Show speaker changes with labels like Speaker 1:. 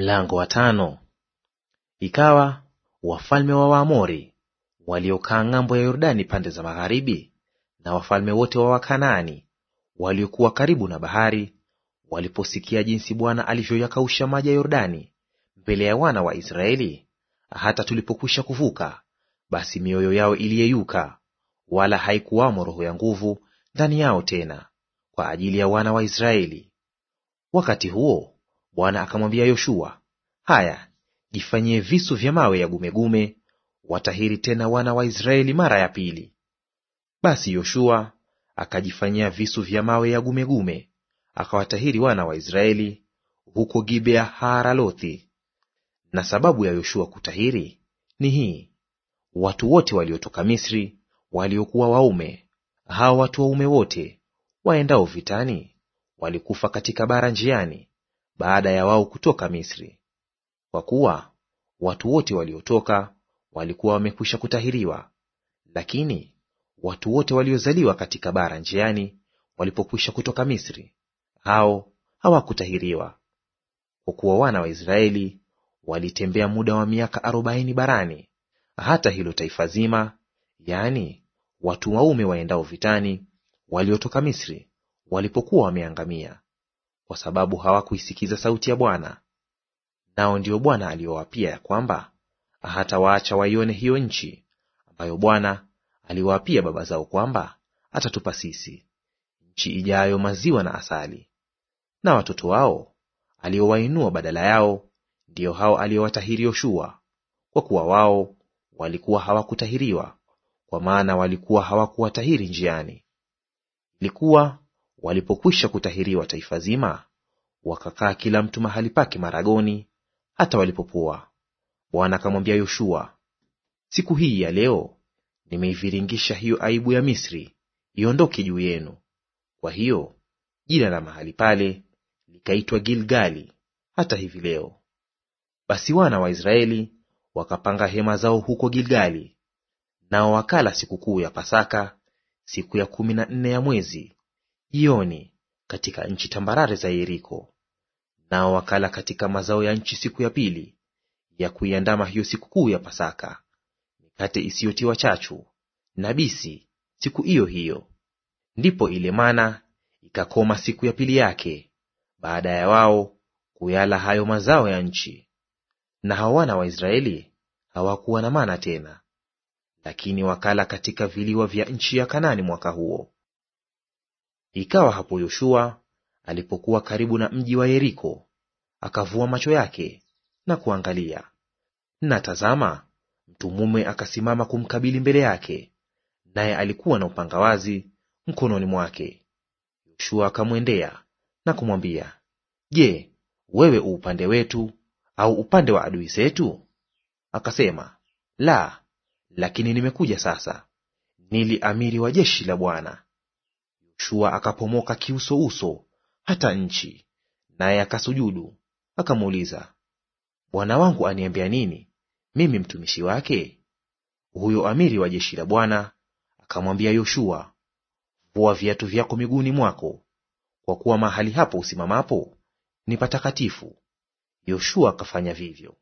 Speaker 1: Mlango wa tano. Ikawa wafalme wa Waamori waliokaa ng'ambo ya Yordani pande za magharibi, na wafalme wote wa Wakanaani waliokuwa karibu na bahari, waliposikia jinsi Bwana alivyoyakausha maji ya Yordani mbele ya wana wa Israeli, hata tulipokwisha kuvuka, basi mioyo yao iliyeyuka, wala haikuwamo roho ya nguvu ndani yao tena, kwa ajili ya wana wa Israeli. Wakati huo Bwana akamwambia Yoshua, haya, jifanyie visu vya mawe ya gumegume, watahiri tena wana wa Israeli mara ya pili. Basi Yoshua akajifanyia visu vya mawe ya gumegume, akawatahiri wana wa Israeli huko Gibea Haaralothi. Na sababu ya Yoshua kutahiri ni hii: watu wote waliotoka Misri waliokuwa waume, hao watu waume wote waendao vitani walikufa katika bara njiani, baada ya wao kutoka Misri, kwa kuwa watu wote waliotoka walikuwa wamekwisha kutahiriwa. Lakini watu wote waliozaliwa katika bara njiani walipokwisha kutoka Misri, hao hawakutahiriwa. Kwa kuwa wana wa Israeli walitembea muda wa miaka arobaini barani, hata hilo taifa zima, yaani watu waume waendao vitani waliotoka Misri, walipokuwa wameangamia kwa sababu hawakuisikiza sauti ya Bwana. Nao ndiyo Bwana aliyowapia ya kwamba hatawaacha waione hiyo nchi ambayo Bwana aliwaapia baba zao kwamba atatupa sisi, nchi ijayo maziwa na asali. Na watoto wao aliowainua badala yao ndiyo hao aliowatahiri Yoshua, kwa kuwa wao walikuwa hawakutahiriwa, kwa maana walikuwa hawakuwatahiri njiani. Ilikuwa Walipokwisha kutahiriwa taifa zima, wakakaa kila mtu mahali pake maragoni, hata walipopoa. Bwana akamwambia Yoshua, siku hii ya leo nimeiviringisha hiyo aibu ya Misri, iondoke juu yenu. Kwa hiyo jina la mahali pale likaitwa Gilgali hata hivi leo. Basi wana wa Israeli wakapanga hema zao huko Gilgali, nao wakala sikukuu ya Pasaka siku ya kumi na nne ya mwezi, jioni katika nchi tambarare za Yeriko. Nao wakala katika mazao ya nchi siku ya pili ya kuiandama hiyo sikukuu ya Pasaka, mikate isiyotiwa chachu na bisi siku iyo hiyo. Ndipo ile mana ikakoma siku ya pili yake, baada ya wao kuyala hayo mazao ya nchi. Na hao wana wa Israeli hawakuwa na mana tena, lakini wakala katika viliwa vya nchi ya Kanani mwaka huo. Ikawa hapo Yoshua alipokuwa karibu na mji wa Yeriko, akavua macho yake na kuangalia, na tazama, mtu mume akasimama kumkabili mbele yake, naye alikuwa na upanga wazi mkononi mwake. Yoshua akamwendea na kumwambia, Je, wewe upande wetu au upande wa adui zetu? Akasema, La, lakini nimekuja sasa, nili amiri wa jeshi la Bwana. Shua akapomoka kiusouso hata nchi, naye akasujudu. Akamuuliza, bwana wangu aniambia nini, mimi mtumishi wake? Huyo amiri wa jeshi la Bwana akamwambia Yoshua, vua viatu vyako miguuni mwako, kwa kuwa mahali hapo usimamapo ni patakatifu. Yoshua akafanya vivyo.